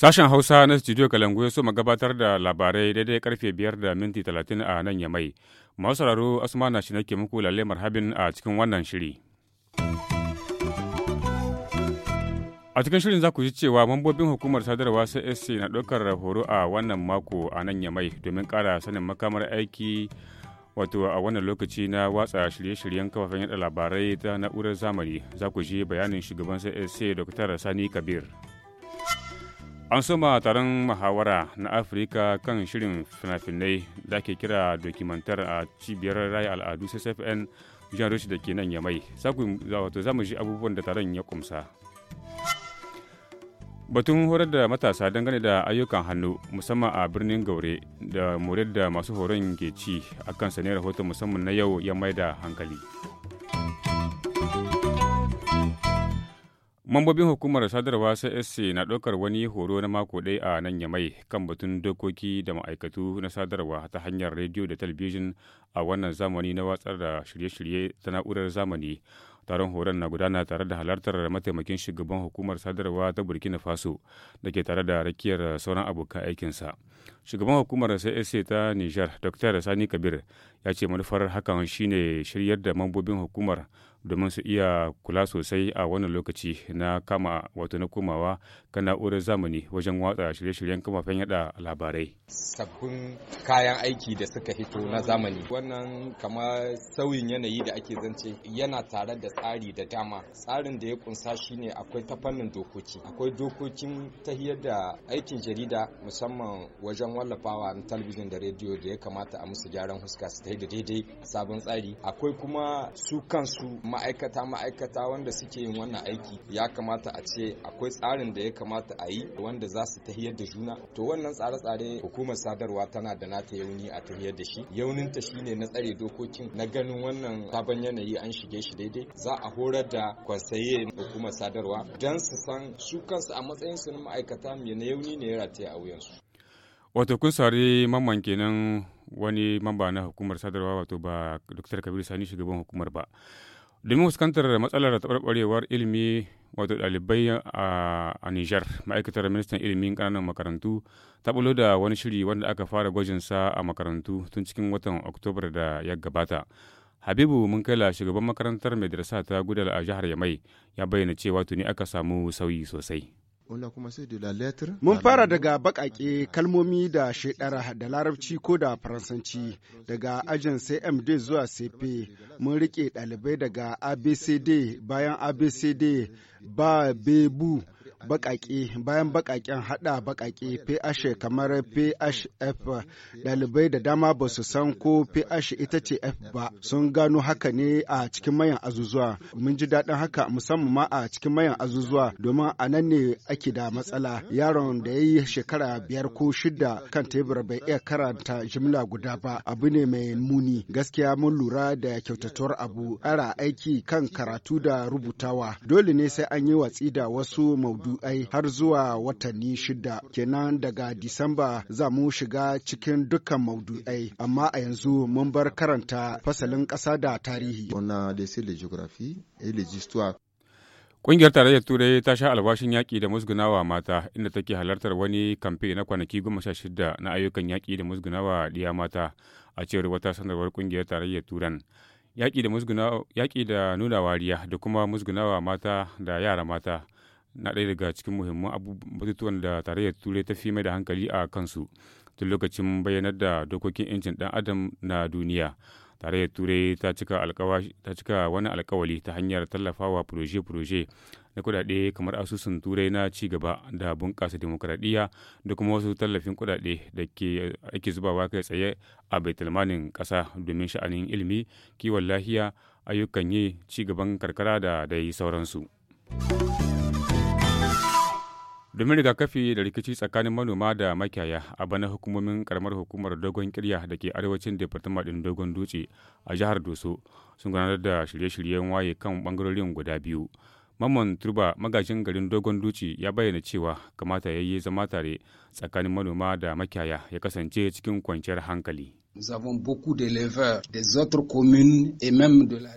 Sashen Hausa na studio Kalangu ya so gabatar da labarai daidai karfe biyar da minti talatin a nan ya mai Masu sauraro Asma na shi nake muku lalle marhabin a cikin wannan shiri. A cikin shirin za ku ji cewa mambobin hukumar sadarwa CSC na ɗaukar horo a wannan mako a nan Yamai domin ƙara sanin makamar aiki wato a wannan lokaci na watsa shirye-shiryen kafafen yada labarai ta na'urar zamani za ku ji bayanin shugaban CSC Dr. Sani Kabir. An soma taron muhawara na Afirka kan shirin fina-finai da ake kira dokimantar a cibiyar raya al'adu jan Jihar da ke nan Yamai. Za mu ji abubuwan da taron ya kumsa. batun horar da matasa dangane da ayyukan hannu musamman a birnin gaure da murid da masu horon ke ci a kansa ne rahoton musamman na yau ya mai da hankali mambobin hukumar sadarwa csc na ɗaukar wani horo na mako ɗaya a nan ya mai kan batun dokoki da ma'aikatu na sadarwa ta hanyar rediyo da talabijin a wannan zamani na watsar da shirye-shirye ta na'urar zamani taron horon na gudana tare da halartar mataimakin shugaban hukumar sadarwa ta burkina faso da ke tare da rakiyar sauran abokan aikinsa shugaban hukumar csc ta nijar dr sani kabir ya ce manufar hakan shine shiryar da mambobin hukumar domin su iya kula sosai a wannan lokaci na kama wato na komawa kan na'urar zamani wajen watsa shirye-shiryen kafafen yada labarai sabbin kayan aiki da suka hito na zamani wannan kama sauyin yanayi da ake zance yana tare da tsari da dama tsarin da ya kunsa shine akwai ta fannin dokoki akwai dokokin tahiyar da aikin jarida musamman wajen wallafawa na talabijin da rediyo da ya kamata a musu gyaran huska su ta da daidai sabon tsari akwai kuma su kansu ma'aikata ma'aikata wanda suke yin wannan aiki ya kamata a ce akwai tsarin da ya kamata a yi wanda za su tahiyar da juna to wannan tsare-tsare hukumar sadarwa tana da nata yauni a tahiyar da shi Yaunin yauninta shine na tsare dokokin na ganin wannan sabon yanayi an shige shi daidai za a horar da kwansaye hukumar sadarwa don su san su kansu a matsayin su na ma'aikata mai na yauni ne ya rataya a wuyansu wato kun sari mamman kenan wani mamba na hukumar sadarwa wato ba dr kabir sani shugaban hukumar ba domin fuskantar matsalar taɓarɓarewar ilimi wato ɗalibai a Nijar ma'aikatar ministan ilimin kananan makarantu ta bulo da wani shiri wanda aka fara gwajin sa a makarantu tun cikin watan Oktobar da ya gabata. Habibu Munkala shugaban makarantar madrasa ta gudal a jihar Yamai ya bayyana cewa tuni aka samu sauyi sosai. Mun fara daga baƙaƙe kalmomi da shaidara da larabci ko da faransanci daga ajin CMD zuwa CP mun riƙe ɗalibai daga ABCD bayan ABCD ba bebu baƙaƙe bayan baƙaƙen haɗa baƙaƙe ph kamar phf dalibai da dama ba su san ko ph ita ce f ba sun gano haka ne a cikin mayan azuzuwa mun ji daɗin haka musamman ma a cikin mayan azuzuwa domin a nan ne ake da matsala yaron da ya yi shekara biyar ko shida kan tebur bai iya karanta jimla guda ba abu ne mai muni gaskiya mun lura da kyautatuwar abu ara aiki kan karatu da rubutawa dole ne sai an yi watsi da wasu maudu ai har zuwa watanni shida kenan daga disamba za mu shiga cikin dukkan maudu'ai amma a yanzu mun bar karanta fasalin ƙasa da tarihi Ƙungiyar Tarayyar Turai ta sha albashin yaƙi da musgunawa mata inda take halartar wani kamfe na kwanaki goma sha shida na ayyukan yaƙi da musgunawa ɗiya mata a cewar wata sanarwar Ƙungiyar Tarayyar Turan. Yaƙi da nuna wariya da kuma musgunawa mata da yara mata na ɗaya daga cikin muhimman abubuwan da tarayyar turai ta fi mai da hankali a kansu tun lokacin bayyanar da dokokin 'yancin ɗan adam na duniya tarayyar turai ta cika wani alkawali ta hanyar tallafawa furoje-furoje na kudade kamar asusun turai na ci gaba da bunƙasa demokradiyya da kuma wasu tallafin kudade da ke ake zubawa kai tsaye a baitulmanin ƙasa domin sha'anin ilimi kiwon lahiya ayyukan yi ci gaban karkara da dai sauransu. domin rigakafi da rikici tsakanin manoma da makiyaya a bana hukumomin karamar hukumar dogon kirya da ke arewacin departama din dogon dutse a jihar doso sun gudanar da shirye-shiryen waye kan bangarorin guda biyu mamman turba magajin garin dogon dutse ya bayyana cewa kamata ya yi zama tare tsakanin manoma da makiyaya ya kasance cikin kwanciyar hankali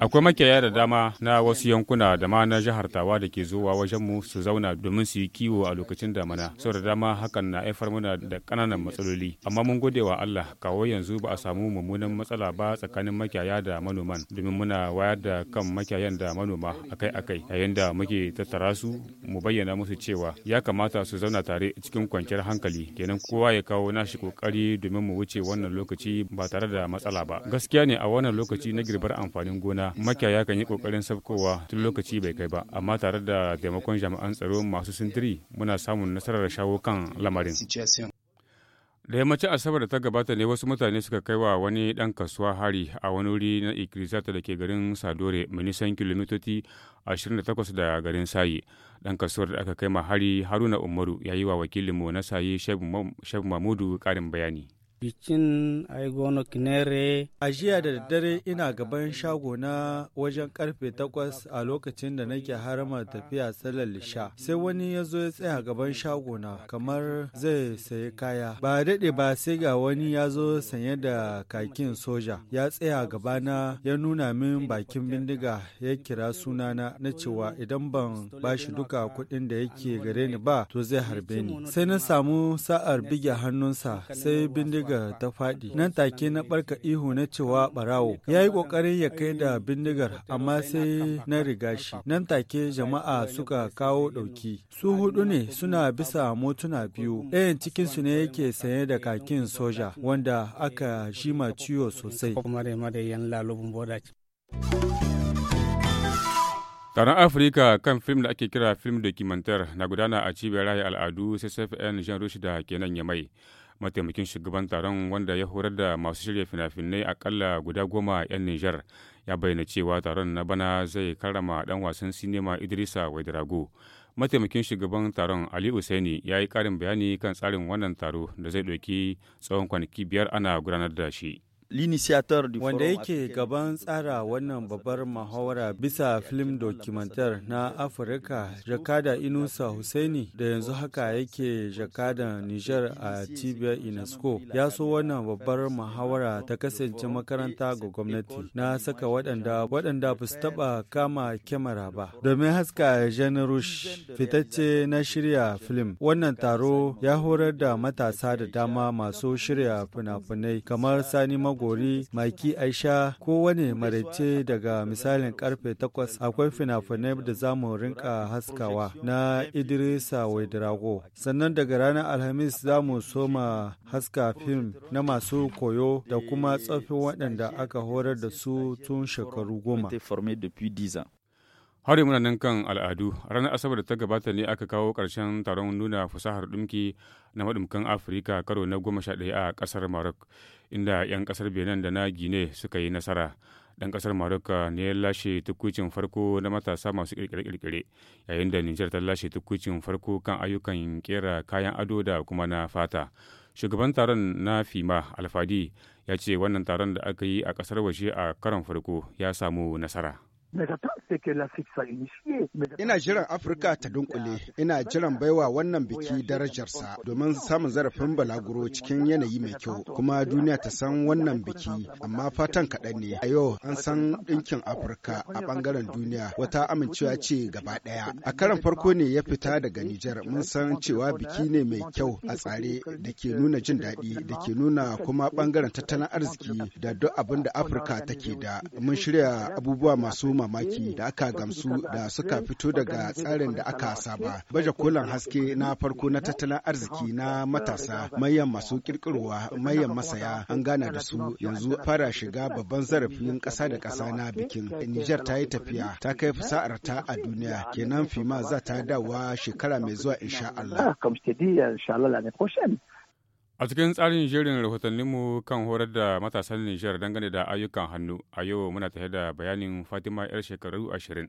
Akwai makiyaya da dama na wasu yankuna da ma na jihar Tawa da ke zuwa wajenmu su zauna domin su yi kiwo a lokacin damana. Sau da dama hakan na haifar muna da ƙananan matsaloli. Amma mun gode wa Allah kawo yanzu ba a samu mummunan matsala ba tsakanin makiyaya da manoman domin muna wayar da kan makiyayan da manoma akai-akai yayin da muke tattara su mu bayyana musu cewa ya kamata su zauna tare cikin kwanciyar hankali kenan kowa ya kawo nashi kokari domin mu wuce wannan lokaci ba tare da matsala ba gaskiya ne a wannan lokaci na girbar amfanin gona makiyaya kan yi kokarin sabkowa tun lokaci bai kai ba amma tare da taimakon jami'an tsaro masu sintiri muna samun nasarar shawo kan lamarin da yammacin asabar da ta gabata ne wasu mutane suka kai wa wani dan kasuwa hari a wani wuri na ikirisata da ke garin sadore mai nisan kilomitoci 28 da garin sayi dan kasuwar da aka kai ma hari haruna umaru ya yi wa wakilinmu na sayi shabu mamudu karin bayani bikin aigono kinere a jiya da daddare ina gaban shago na wajen karfe takwas a lokacin da nake harama tafiya tsallar lisha sai wani ya zo ya tsaya gaban shago na kamar zai sayi kaya ba daɗe ba sai ga wani ya zo sanye da kakin soja ya tsaya gabana ya nuna min bakin bindiga ya kira sunana na cewa idan ban bashi duka kuɗin da yake gare ni ba to zai harbe ni sai na samu sa'ar bige hannunsa sai bindiga bindiga ta faɗi nan take na barka ihu na cewa barawo ya yi kokarin ya kai da bindigar amma sai na riga shi nan take jama'a suka kawo ɗauki su hudu ne suna bisa motuna biyu ɗayan cikinsu ne yake sanye da kakin soja wanda aka shima ciwo sosai Taron Afirka kan film da ake kira film dokumantar na gudana a cibiyar raya al'adu CCFN Jean Rushda kenan ya mai. mataimakin shugaban taron wanda ya horar da masu shirya fina-finai akalla guda goma 'yan nijar ya bayyana cewa taron na bana zai karrama dan wasan sinima idrisa waidrago mataimakin shugaban taron ali usaini ya yi karin bayani kan tsarin wannan taro da zai ɗauki tsawon kwanaki biyar ana gudanar da shi l'initiateur du wanda yake gaban tsara wannan babbar mahawara bisa film documentaire na afirka jakada inusa husaini da yanzu haka yake Jakada niger a cibiyar unesco ya so wannan babbar mahawara ta kasance makaranta ga gwamnati na saka waɗanda waɗanda ba su taɓa kama kyamara ba domin haska janarush fitacce na shirya film wannan taro ya horar da matasa da dama masu shirya fina-finai kamar sani gori maki aisha kowane maraice daga misalin karfe 8 akwai fina-finai da za mu rinka haskawa na idrisa waidirago sannan daga ranar alhamis za mu soma haska fim na masu koyo da kuma tsofin waɗanda aka horar da su tun shekaru goma Hari muna nan kan al'adu, ranar Asabar da ta gabata ne aka kawo ƙarshen taron nuna fasahar ɗumki na maɗumkan Afirka karo na goma sha ɗaya a ƙasar Maroc, inda 'yan ƙasar Benin da na Gine suka yi nasara. Ɗan ƙasar Maroc ne ya lashe tukucin farko na matasa masu ƙirƙire-ƙirƙire, yayin da Nijar ta lashe tukucin farko kan ayyukan ƙera kayan ado da kuma na fata. shugaban taron na fima alfadi ya ce wannan taron da aka yi a ƙasar waje a karon farko ya samu nasara Ina jiran Afirka ta dunkule, ina jiran baiwa wannan biki darajarsa domin samun zarafin balaguro cikin yanayi mai kyau, kuma duniya ta san wannan biki, amma fatan kaɗan ne. A yau an san ɗinkin Afirka a ɓangaren duniya wata amincewa ce gaba ɗaya. A karan farko ne ya fita daga Nijar mun san cewa biki ne mai kyau a tsare da ke nuna jin daɗi da ke nuna kuma ɓangaren tattalin arziki da duk abinda Afirka take da. Mun shirya abubuwa masu mamaki da aka gamsu da suka fito daga tsarin da aka saba. Baje kolan haske na farko na tattalin arziki na matasa, mayan masu kirkirwa, mayan masaya an gana da su yanzu fara shiga babban zarafin kasa da ƙasa na bikin. niger ta yi tafiya, ta kai fasa'ar ta a duniya, kenan fima za ta dawa shekara mai zuwa insha Allah. A cikin tsarin jerin rahotanninmu kan horar da matasan Nijar dangane da ayyukan hannu, a yau muna tare da bayanin Fatima 'yar shekaru ashirin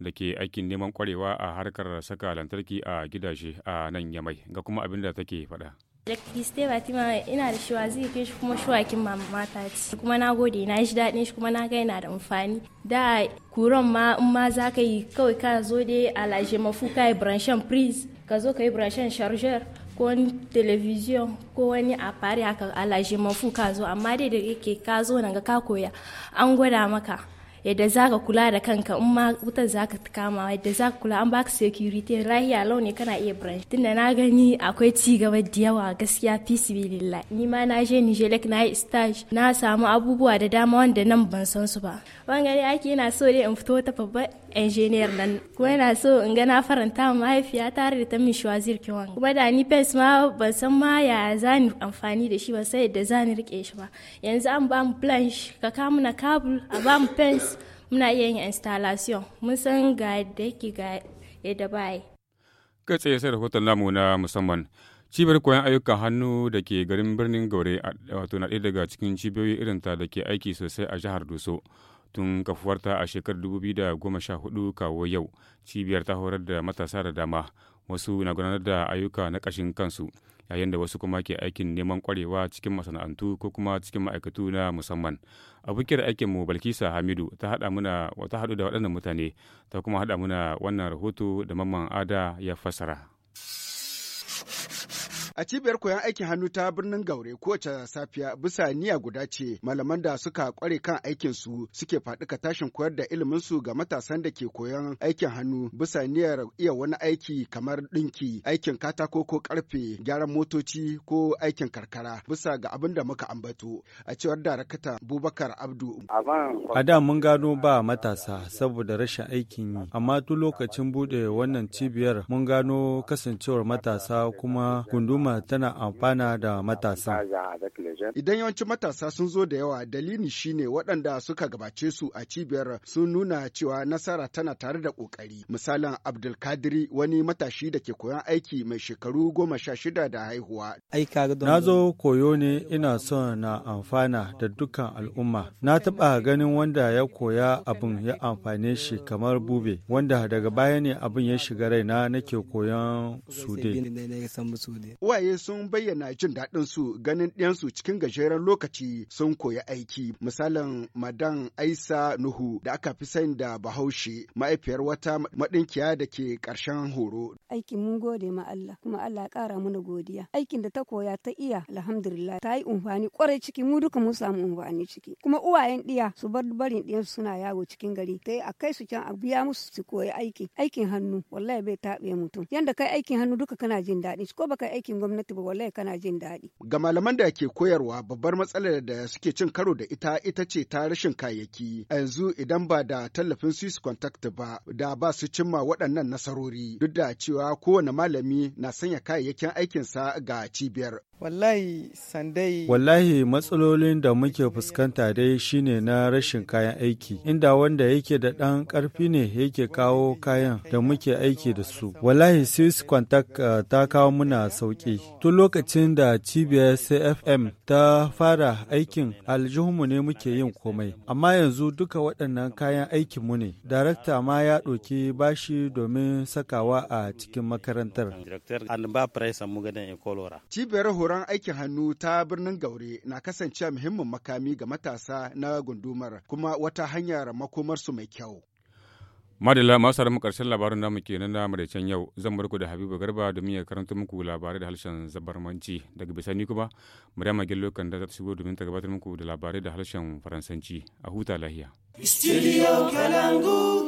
da ke aikin neman kwarewa a harkar saka lantarki a gidaje a nan yamai ga kuma abin da take faɗa. Jakiste Fatima ina da shiwa zai kai shi kuma shuwakin mata ce. Kuma na gode na shi daɗin shi kuma na ga yana da amfani. Da kuran ma in ma za ka yi kawai ka zo dai a laje mafuka yi branshen priz ka zo ka yi branshen charger ko wani television ko wani a a haka alaje mafu ka zo amma dai da yake ka zo nan ga ka koya an gwada maka yadda za ka kula da kanka in ma wutar za ka kama yadda za ka kula an baka security lahiya lau ne kana iya branch tunda na gani akwai ci gaba da yawa gaskiya fisibilillah ni ma na je nijelek na yi stage na samu abubuwa da dama wanda nan ban san su ba bangare ake yana so dai in fito ta babban engineer nan kuma yana so in ga na faranta mahaifiya tare da ta min shwazir kiwan kuma da ni pens ma ban san ma ya za ni amfani da shi ba sai yadda za ni rike shi ba yanzu an ba mu blanche ka kamuna kabul a ba mu pens muna iya yin installation mun san ga da yake ga yadda baya kai tsaye sai rahoton namu na musamman cibiyar koyon ayyukan hannu da ke garin birnin gaure wato na ɗaya daga cikin cibiyoyi irin ta da ke aiki sosai a jihar doso tun kafuwarta a shekarar 2014 kawo yau cibiyar ta horar da matasa da dama wasu na gudanar da ayyuka na kashin kansu yayin da wasu kuma ke aikin neman kwarewa cikin masana'antu ko kuma cikin ma'aikatu na musamman abokiyar aikin mu balkisa hamidu ta haɗa muna ta haɗu da waɗannan mutane ta kuma haɗa muna wannan rahoto da mamman ada ya fasara. A cibiyar koyon aikin hannu ta birnin Gaure kowace safiya bisa niyya guda ce malaman da suka kware kan aikin su suke faɗika tashin koyar da ilimin su ga matasan da ke koyon aikin hannu bisa niyyar iya wani aiki kamar ɗinki, aikin katako ko karfe, gyaran motoci ko aikin karkara bisa ga abin da muka ambato. A cewar darakta Bubakar Abdu. A da mun gano ba matasa saboda rashin aikin yi, amma tun lokacin buɗe wannan cibiyar mun gano kasancewar matasa kuma gunduma tana amfana da matasa. Idan yawancin matasa sun zo da yawa dalili shine waɗanda suka gabace su a cibiyar sun nuna cewa nasara tana tare da ƙoƙari. Misalin Abdulkadiri wani matashi da ke koyon aiki mai shekaru goma sha shida da haihuwa. Na zo koyo ne ina son na amfana da dukkan al'umma. Na taɓa ganin wanda ya koya abin ya amfane shi kamar bube wanda daga baya ne abin ya shiga raina nake koyon sude. iyaye sun bayyana jin daɗin su ganin ɗiyansu cikin gajeren lokaci sun koyi aiki. Misalin Madan Aisa Nuhu da aka fi sani da Bahaushe, ma'aifiyar wata maɗinkiya da ke ƙarshen horo. Aiki mun gode ma Allah, kuma Allah ya ƙara mana godiya. Aikin da ta koya ta iya, alhamdulillah, ta yi umfani ƙwarai ciki, mu duka mun samu umfani ciki. Kuma uwayen ɗiya su bar barin ɗiyansu suna yawo cikin gari, ta yi a kai su can a biya musu su koyi aiki. Aikin hannu, wallahi bai taɓe mutum. Yanda kai aikin hannu duka kana jin daɗi, ko baka aikin gwamnati ba wallahi kana jin daɗi. Ga malaman da ke koyarwa babbar matsalar da suke cin karo da ita ita ce ta rashin kayayyaki. A yanzu idan ba da tallafin Swiss Contact ba da ba su cimma waɗannan nasarori duk da cewa kowane malami na sanya kayayyakin aikinsa ga cibiyar Wallahi sandai. Wallahi matsalolin da muke fuskanta dai shine na rashin kayan aiki, inda wanda yake da ɗan ƙarfi ne yake kawo kayan da muke aiki da su. Wallahi Swiss Contact uh, ta kawo muna sauƙi. Tun lokacin da cibiyar CFM ta fara aikin aljihunmu ne muke yin komai, amma yanzu duka waɗannan kayan mu ne. Darakta ma ya ɗauki bashi domin sakawa a cikin makarantar. koran aikin hannu ta birnin Gaure na kasancewa muhimmin makami ga matasa na gundumar kuma wata hanyar makomarsu mai kyau. Madalla masu mu karshen labarin namu kenan na maraicen yau zan barku da Habibu Garba domin ya karanta muku labarai da harshen zabarmanci daga bisani kuma Maryam Gello Lokan da ta shigo domin ta gabatar muku da labarai da harshen Faransanci a huta lahiya. Studio Kalangu.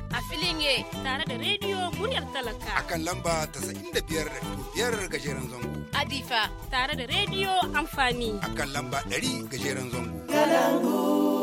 a filin ye tare da rediyo muryar talaka a kan lamba da biyar da biyar gajeren zango adifa tare da rediyo amfani a kan lamba ɗari gajeren zango